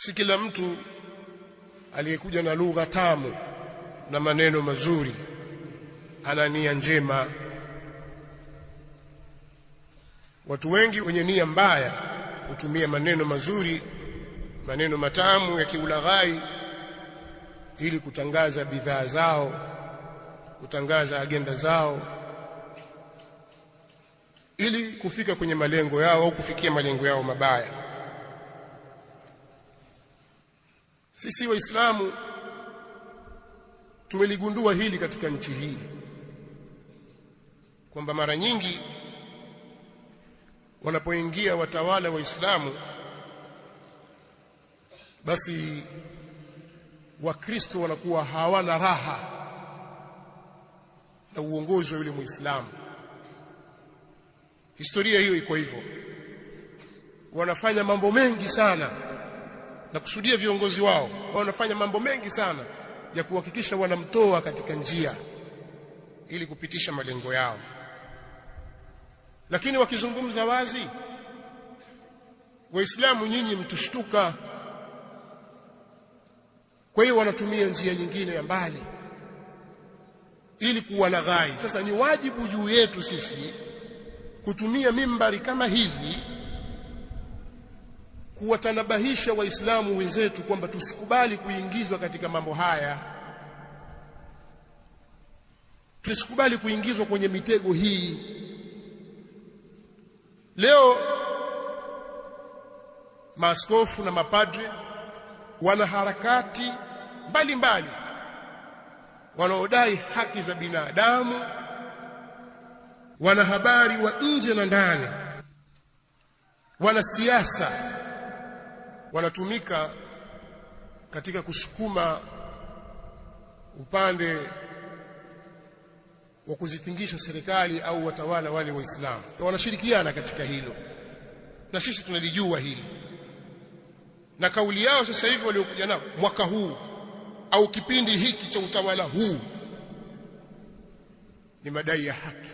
si kila mtu aliyekuja na lugha tamu na maneno mazuri ana nia njema. Watu wengi wenye nia mbaya hutumia maneno mazuri, maneno matamu ya kiulaghai ili kutangaza bidhaa zao, kutangaza agenda zao, ili kufika kwenye malengo yao au kufikia malengo yao mabaya. sisi waislamu tumeligundua hili katika nchi hii kwamba mara nyingi wanapoingia watawala waislamu basi wakristo wanakuwa hawana raha na uongozi wa yule muislamu historia hiyo iko hivyo wanafanya mambo mengi sana na kusudia viongozi wao wanafanya mambo mengi sana ya kuhakikisha wanamtoa katika njia ili kupitisha malengo yao, lakini wakizungumza wazi, Waislamu nyinyi mtushtuka. Kwa hiyo wanatumia njia nyingine ya mbali ili kuwalaghai. Sasa ni wajibu juu yetu sisi kutumia mimbari kama hizi kuwatanabahisha waislamu wenzetu kwamba tusikubali kuingizwa katika mambo haya, tusikubali kuingizwa kwenye mitego hii. Leo maaskofu na mapadre, harakati mbalimbali wanaodai haki za binadamu, wanahabari wa nje na ndani, wanasiasa wanatumika katika kusukuma upande wa kuzitingisha serikali au watawala wale waislamu wanashirikiana katika hilo na sisi tunalijua hili na kauli yao sasa hivi waliokuja nao mwaka huu au kipindi hiki cha utawala huu ni madai ya haki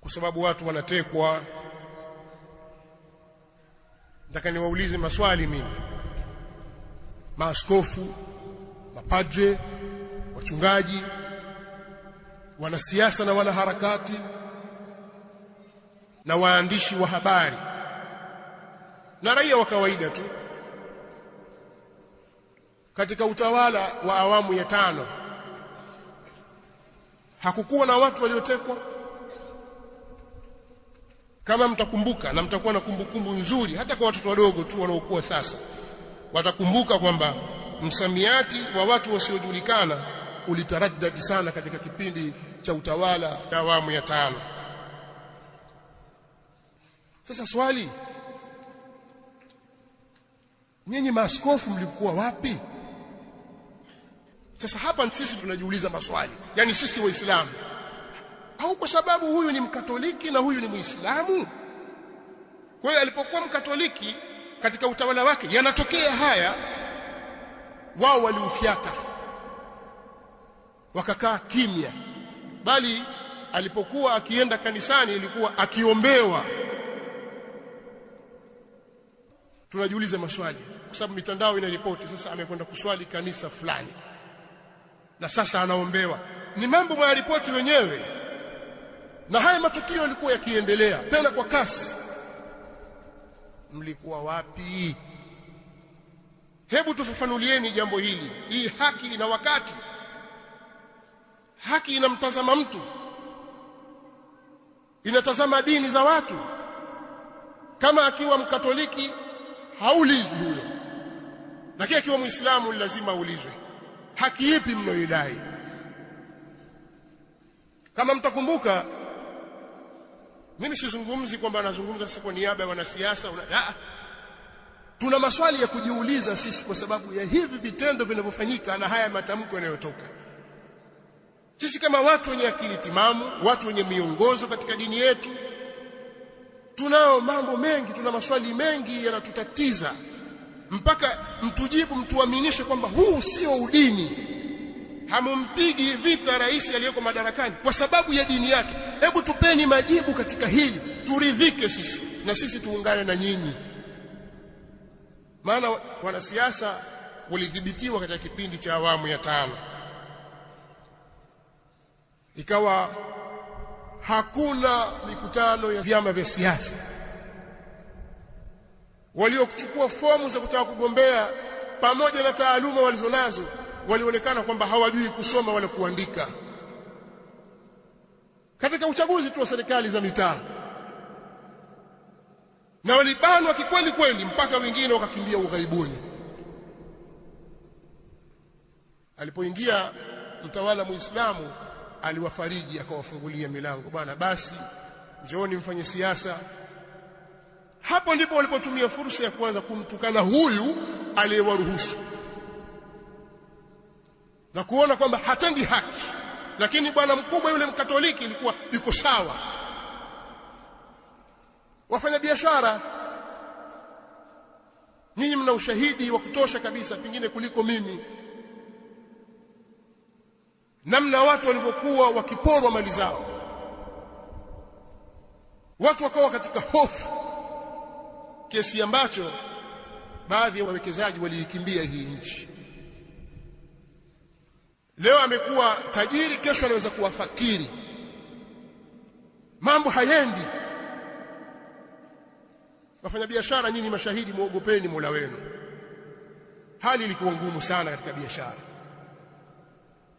kwa sababu watu wanatekwa nataka niwaulize maswali mimi maaskofu mapadre wachungaji wanasiasa na wanaharakati na waandishi wa habari na raia wa kawaida tu katika utawala wa awamu ya tano hakukuwa na watu waliotekwa kama mtakumbuka na mtakuwa na kumbukumbu nzuri, hata kwa watoto wadogo tu wanaokuwa sasa, watakumbuka kwamba msamiati wa watu wasiojulikana ulitaraddadi sana katika kipindi cha utawala wa awamu ya tano. Sasa swali, nyinyi maaskofu mlikuwa wapi? Sasa hapa sisi tunajiuliza maswali, yani sisi Waislamu au kwa sababu huyu ni mkatoliki na huyu ni muislamu kwa hiyo alipokuwa mkatoliki katika utawala wake yanatokea haya wao waliufyata wakakaa kimya bali alipokuwa akienda kanisani ilikuwa akiombewa tunajiuliza maswali kwa sababu mitandao inaripoti sasa amekwenda kuswali kanisa fulani na sasa anaombewa ni mambo mwa ripoti wenyewe na haya matukio yalikuwa yakiendelea tena kwa kasi. Mlikuwa wapi? Hebu tufafanulieni jambo hili. Hii haki ina wakati, haki inamtazama mtu, inatazama dini za watu. Kama akiwa Mkatoliki haulizi huyo, lakini akiwa Mwislamu lazima aulizwe, haki ipi mnayoidai? Kama mtakumbuka mimi sizungumzi kwamba anazungumza sasa kwa niaba ya wanasiasa tuna maswali ya kujiuliza sisi kwa sababu ya hivi vitendo vinavyofanyika na haya matamko yanayotoka sisi kama watu wenye akili timamu watu wenye miongozo katika dini yetu tunao mambo mengi tuna maswali mengi yanatutatiza mpaka mtujibu mtuaminishe kwamba huu sio udini hamumpigi vita rais aliyeko madarakani kwa sababu ya dini yake. Hebu tupeni majibu katika hili, turidhike sisi na sisi tuungane na nyinyi. Maana wanasiasa walidhibitiwa katika kipindi cha awamu ya tano, ikawa hakuna mikutano ya vyama vya siasa. Waliochukua fomu za kutaka kugombea, pamoja na taaluma walizonazo walionekana kwamba hawajui kusoma wala kuandika. Katika uchaguzi tu wa serikali za mitaa, na walibanwa kikweli kweli, mpaka wengine wakakimbia ughaibuni. Alipoingia mtawala Muislamu aliwafariji, akawafungulia milango, bwana, basi njooni mfanye siasa. Hapo ndipo walipotumia fursa ya kuanza kumtukana huyu aliyewaruhusu na kuona kwamba hatendi haki lakini bwana mkubwa yule mkatoliki ilikuwa yuko sawa wafanya biashara nyinyi mna ushahidi wa kutosha kabisa pingine kuliko mimi namna watu walivyokuwa wakiporwa mali zao watu wakawa katika hofu kesi ambacho baadhi ya wawekezaji waliikimbia hii nchi Leo amekuwa tajiri, kesho anaweza kuwa fakiri, mambo hayendi. Wafanyabiashara nyinyi mashahidi, muogopeni Mola wenu. Hali ilikuwa ngumu sana katika biashara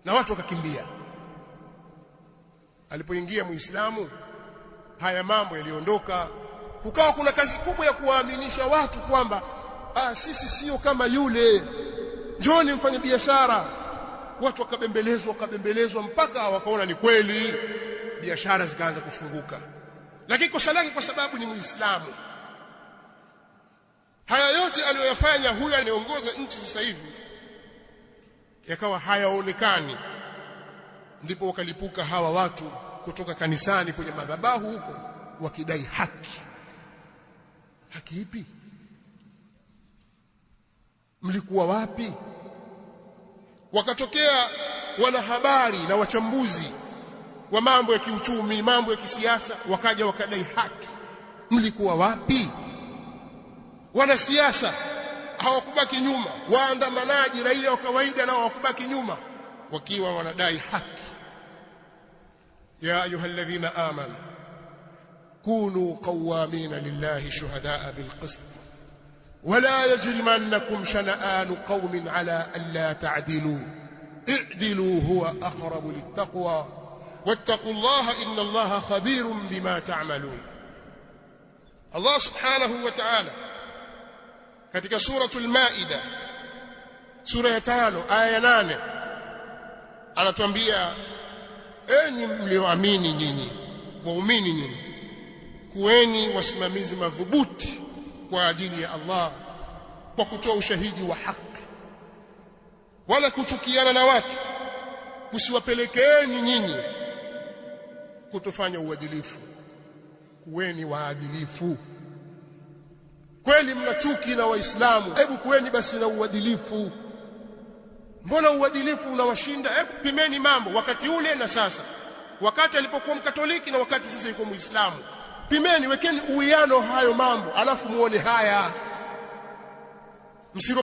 na watu wakakimbia. Alipoingia Muislamu, haya mambo yaliondoka, kukawa kuna kazi kubwa ya kuwaaminisha watu kwamba ah, sisi sio kama yule, njoni mfanye biashara watu wakabembelezwa wakabembelezwa mpaka wakaona ni kweli, biashara zikaanza kufunguka. Lakini kosa lake kwa sababu ni Muislamu, haya yote aliyoyafanya huyo anayeongoza nchi sasa hivi yakawa hayaonekani, ndipo wakalipuka hawa watu kutoka kanisani kwenye madhabahu huko wakidai haki. Haki ipi? Mlikuwa wapi? wakatokea wanahabari na wachambuzi wa mambo ya kiuchumi, mambo ya kisiasa, wakaja wakadai haki. Mlikuwa wapi? Wanasiasa hawakubaki nyuma, waandamanaji, raia wa kawaida nao hawakubaki nyuma, wakiwa wanadai haki. Ya ayuha alladhina amanu kunu qawamina lillahi shuhadaa bilqist ولا يجرمنكم شنآن قوم على ألا تعدلوا اعدلوا هو أقرب للتقوى واتقوا الله إن الله خبير بما تعملون الله سبحانه وتعالى كتك سورة المائدة سورة تانو آية نانة أنا تنبيا أين مليو أميني نيني وأميني نيني كويني واسمميز مذبوتي kwa ajili ya Allah kwa kutoa ushahidi wa haki wala kuchukiana na watu kusiwapelekeeni nyinyi kutofanya uadilifu kuweni waadilifu kweli mna chuki na waislamu hebu kuweni basi na uadilifu mbona uadilifu unawashinda hebu pimeni mambo wakati ule na sasa wakati alipokuwa mkatoliki na wakati sasa yuko muislamu Pimeni, wekeni uwiano hayo mambo, alafu muone haya msiro